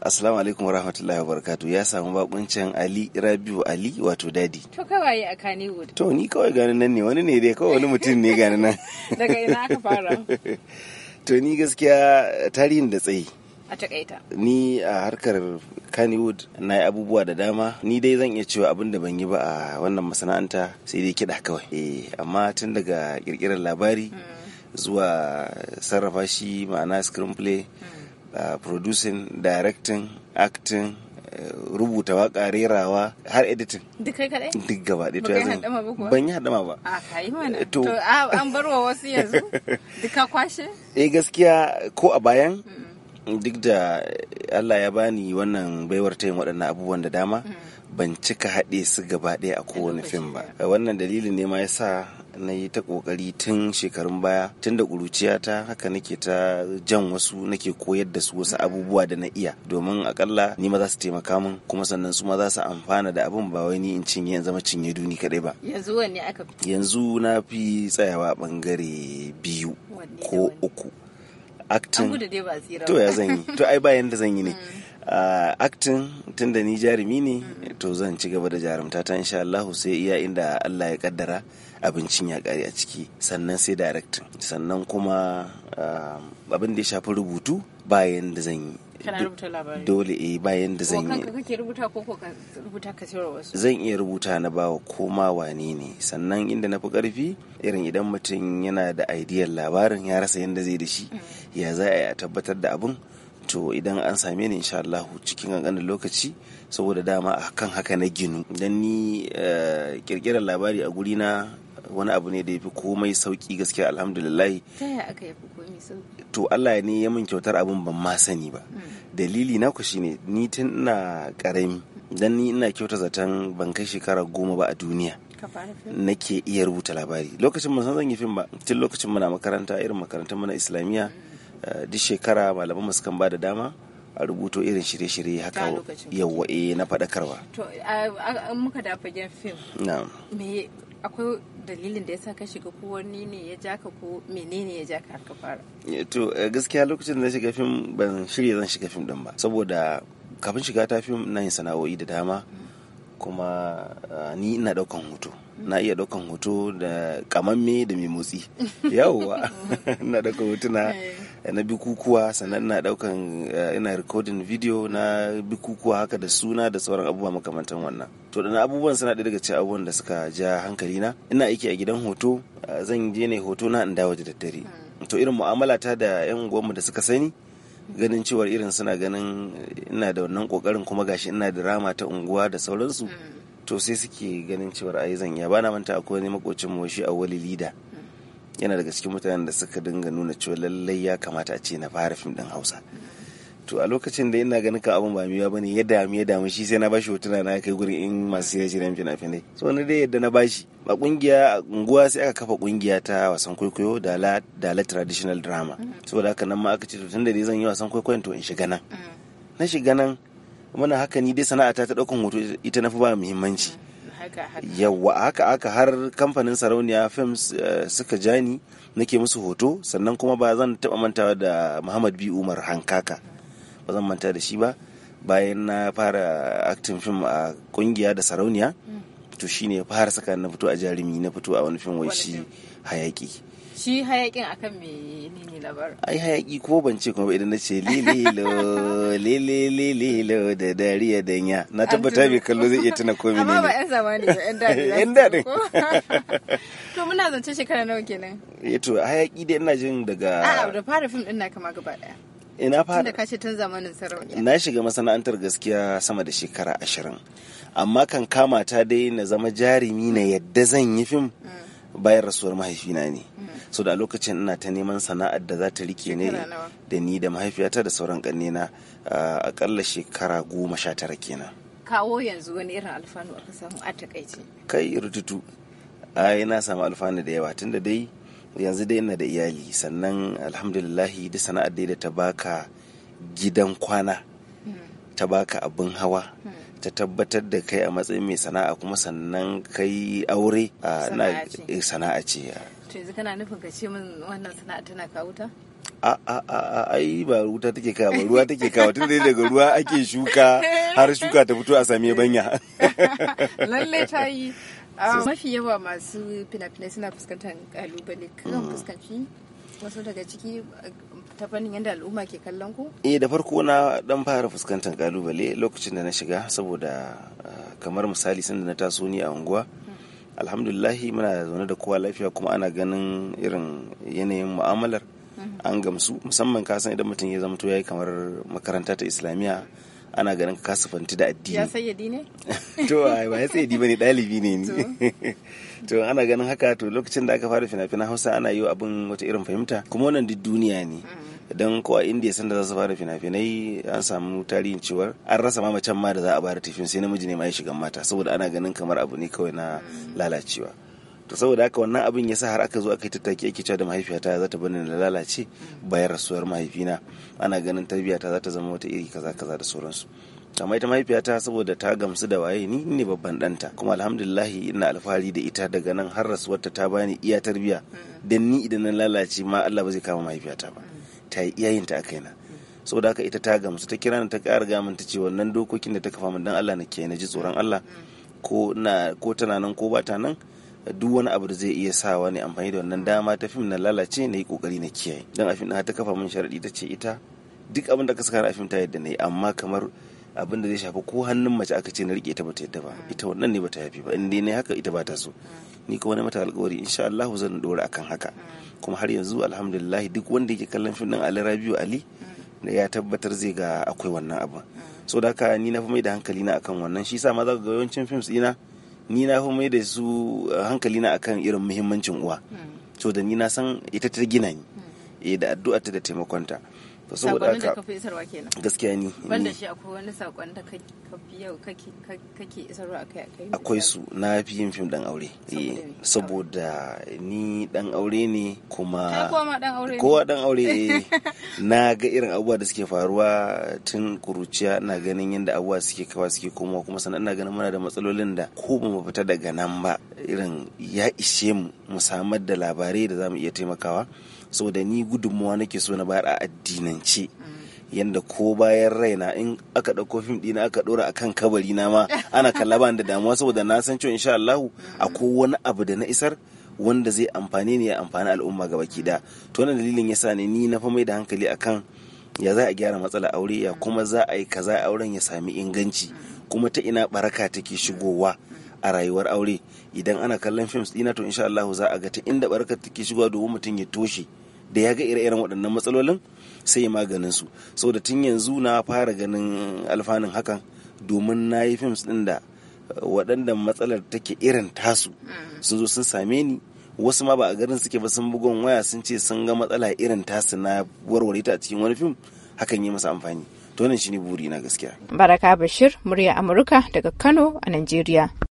Assalamu alaikum wa rahmatullahi wa barakatu ya samu bakuncin Ali Rabiu Ali wato dadi. To kawai a Kanewood. To ni kawai gani nan ne wani ne dai kawai wani mutum ne gani nan. Daga ina aka fara. to ni gaskiya tarihin da tsayi. a takaita. Ni a harkar Kanewood na yi abubuwa da dama. Ni dai zan iya cewa abin da ban yi ba a wannan masana'anta sai dai kiɗa kawai. Eh, amma tun daga ƙirƙirar labari hmm. zuwa sarrafa shi ma'ana screenplay. Hmm. producing directing acting eh, rubuta waka rerawa har editing duk kai duk gaba ɗaya to yanzu ban yi hadama ba a to an bar wa wasu yanzu duka kwashe eh gaskiya ko a bayan mm. duk da Allah ya bani wannan baiwar ta yin waɗannan abubuwan da dama mm. ban cika haɗe su gaba ɗaya a kowane fim ba wannan dalilin ne ma ya sa na yi ta kokari tun shekarun baya tun da ta haka nake ta jan wasu nake koyar da su wasu abubuwa da na iya domin akalla ni ma za su taimaka min kuma sannan su ma za su amfana da abin ba wai ni in cinye in zama cinye duni kadai ba yanzu wanne aka yanzu na fi tsayawa bangare biyu ko uku acting to ya zan yi to ai ba yanda zan yi ne hmm. Uh, acting da ni jarumi ne to zan ci gaba da jarumta ta insha Allah sai iya inda Allah ya kaddara abincin ya kare a ciki sannan sai directing sannan kuma uh, abin da ya shafi rubutu bayan da zan yi kana rubuta dole eh bayan da zan yi kake rubuta ko ko rubuta ka sayar wasu zan iya rubuta na bawa koma wane ne sannan inda na fi karfi irin idan mutum yana da idiyar labarin ya rasa yadda zai da shi mm. ya za a tabbatar da abun to idan an same ni insha Allah cikin kankanin lokaci saboda dama a kan haka na ginu dan ni kirkirar eh, labari a guri na wani abu ne da ya fi komai sauki gaskiya alhamdulillah ta ya aka yafi komai to Allah ya ne ya min kyautar abun ban ma sani ba hmm. dalili na ku shine ni tun ina karami dan ni ina kyauta zaton ban kai shekara goma ba a duniya nake iya rubuta labari lokacin mun san zan yi fim ba tun lokacin muna makaranta irin makarantar mana islamiyya hmm. Eh, duk shekara malaman masu kan ba da dama a rubuto irin shirye-shirye haka yawa eh, na faɗakarwa. To, eh, muka da fagen fim. Na'am. Me akwai dalilin da ya sa ka shiga ko wani ne ya ja ka ko menene ya ja ka ka fara? To, gaskiya lokacin da na shiga fim ban shirya zan shiga fim din ba. Saboda kafin shiga ta fim na yin sana'o'i da dama kuma ni ina ɗaukan hoto. na iya ɗaukan hoto da kamamme da mai motsi yawwa na ɗaukan hotuna Eh, na bikukuwa sannan ina daukan eh, ina recording video na bikukuwa haka da suna da sauran abubuwa makamantan wannan to da abubuwan suna da daga cikin abubuwan da suka ja hankali na ina aiki a gidan hoto eh, zan je ne hoto na in dawo da daddare to irin mu'amala ta da yan uwanmu da suka sani ganin cewar irin suna ganin ina da wannan kokarin kuma gashi ina da rama ta unguwa da sauransu to sai suke ganin cewar ayi zan ya bana manta akwai ne makocin mu shi a wali lida yana daga cikin mutanen da suka dinga nuna cewa lallai ya kamata a ce na fara fim din hausa to a lokacin da ina ganin ka abun ba miya ne ya dami ya dami shi sai na bashi hotuna na kai gurin in masu ya shirya fina finai so wani dai yadda na bashi a kungiya a unguwa sai aka kafa kungiya ta wasan kwaikwayo da la traditional drama saboda haka nan ma aka ce to tunda dai zan yi wasan kwaikwayon to in shiga nan mm. na shiga nan muna haka ni dai sana'ata ta daukan hoto ita na fi ba muhimmanci yawa haka haka har kamfanin sarauniya films eh, suka jani nake musu hoto sannan kuma ba zan taba mantawa da muhammad bi umar hankaka ba zan manta da shi ba bayan na fara acting fim a kungiya da sarauniya mm. to shine ya fara saka na fito a jarumi na fito a wani fim wai shi hayaki shi hayakin akan me ne labar ai hayaki ko ban ce kuma idan na ce lililo lililo da dariya danya na tabbata bai kallo zai iya tuna ko ne amma ba yan zamani ba yan dadi dadin to muna zance shekara nawa kenan eh to hayaki dai ina jin daga a'a da fara film din na kama gaba daya ina fara tunda kace tun zamanin sarauniya na shiga masana'antar gaskiya sama da shekara ashirin amma kan kama ta dai na zama jarumi na yadda zan yi fim mm. bayan rasuwar mahaifina ne so da lokacin ina ta neman sana'ar da za ta rike ne da ni da mahaifiyata da sauran na akalla shekara goma sha tara kenan kawo yanzu wani irin alfanu aka samu a takaice kai rututu ai na samu alfanu da yawa tunda dai yanzu dai ina da iyali sannan alhamdulillahi duk sana'ar dai da ta baka gidan kwana hmm. ta baka abin hawa hmm. ta tabbatar da kai a matsayin mai sana'a kuma sannan kai aure a sana'a ce eh, to yanzu kana nufin ka ce min wannan sana'a tana kawo ta a a a ai ba wuta take kawo ba ruwa take kawo tun dai daga ruwa ake shuka har shuka ta fito a same banya lalle ta yi ah, mafi yawa masu fina-finai suna fuskantar kalubale kan mm. fuskanci wasu daga ciki ta fannin yadda al'umma ke kallon ku? Eh da farko na dan fara fuskantar kalubale lokacin da na shiga saboda ah, kamar misali sanda na taso ni a unguwa hmm. alhamdulillahi muna zaune da kowa lafiya kuma ana ganin irin yanayin mu'amalar hmm. an gamsu musamman kasan idan mutum ya zama to yayi kamar makaranta ta islamiyya ana ganin ka kasafanti da addini ya sayyadi ne to ba ya sayyadi ne dalibi ne ni to ana ganin haka to lokacin da aka fara fina-finan hausa ana yi abin wata irin fahimta kuma wannan duk duniya ne mm. don kowa indiya sanda za su fara fina-finai an samu tarihin cewar an rasa mamacin ma da za a bada tafin sai namiji ne ma ya shiga mata saboda ana ganin kamar abu ne kawai na mm. lalacewa saboda haka wannan abin ya sa har aka zo aka yi tattaki ake cewa da mahaifiyata za ta bani da lalace bayan rasuwar mahaifina ana ganin tarbiyata za ta zama wata iri kaza kaza da sauransu amma ita mahaifiyata saboda ta gamsu da waye ni ne babban danta kuma alhamdulillahi ina alfahari da ita daga nan har rasuwarta ta bani iya tarbiya dan ni idan na lalace ma Allah ba zai kama mahaifiyata ba ta yi iyayinta a kaina saboda haka ita ta gamsu ta kira ni ta ƙara gamin ta ce wannan dokokin da ta kafa min dan Allah na ke na ji tsoron Allah ko ko tana nan ko ba ta nan duk wani abu da zai iya sa wani amfani da wannan dama ta fim na lalace na yi kokari na kiyaye don a fim ta kafa min sharadi ta ce ita duk abin da ka saka a fim ta yadda na yi amma kamar abin da zai shafi ko hannun mace aka ce na rike ta bata yadda ba ita wannan ne bata yafi ba in dai ne haka ita bata so ni kuma na mata alƙawari insha Allah zan dora akan haka kuma har yanzu alhamdulillah duk wanda yake kallon fim din Ali Rabiu Ali da ya tabbatar zai ga akwai wannan abu so da haka ni na fi mai da hankali na akan wannan shi sa ma za ga yawancin films dina ni na fi mai da su eh, hankali na akan irin muhimmancin uwa hmm. so da ni na san ita ta gina ni hmm. eh, da ta da taimakonta saboda haka da isarwa kenan gaskiya ni banda shi akwai wani sakon da kafi kake isarwa akai akai akwai su na fi yin fim dan aure saboda eh, ni dan aure ne kuma kowa dan aure eh. na ga irin abubuwa da suke faruwa tun kuruciya na ganin yadda abubuwa suke kawa suke komawa kuma sannan ina ganin muna da matsalolin da ko ba mu fita daga nan ba irin ya ishe mu mu samar da labarai da za mu iya taimakawa saboda da ni gudunmuwa nake so na bayar a addinance yadda ko bayan rai na in aka ɗauko fim ɗina aka ɗora akan kabari na ma ana kalla ba da damuwa saboda na san cewa insha Allahu ko wani abu da na isar wanda zai amfani ne ya amfani al'umma gaba da to wannan dalilin yasa ne ni na fa mai da hankali akan ya za a gyara matsalar aure ya kuma za a yi kaza auren ya sami inganci kuma ta ina baraka take shigowa a rayuwar aure idan ana kallon films dina to insha Allah za a ga ta inda barkar take shigowa domin mutum ya toshe da ya ga ire-iren waɗannan matsalolin sai ya maganin su saboda tun yanzu na fara ganin alfanun hakan domin na yi films din da eh, waɗanda matsalar take irin tasu mm. sun zo sun same ni wasu ma ba a garin suke ba sun bugon waya sun ce sun ga matsala irin tasu na warware ta a cikin wani fim hakan yi masa amfani to shi ne buri na gaskiya baraka bashir murya amurka daga kano a nigeria.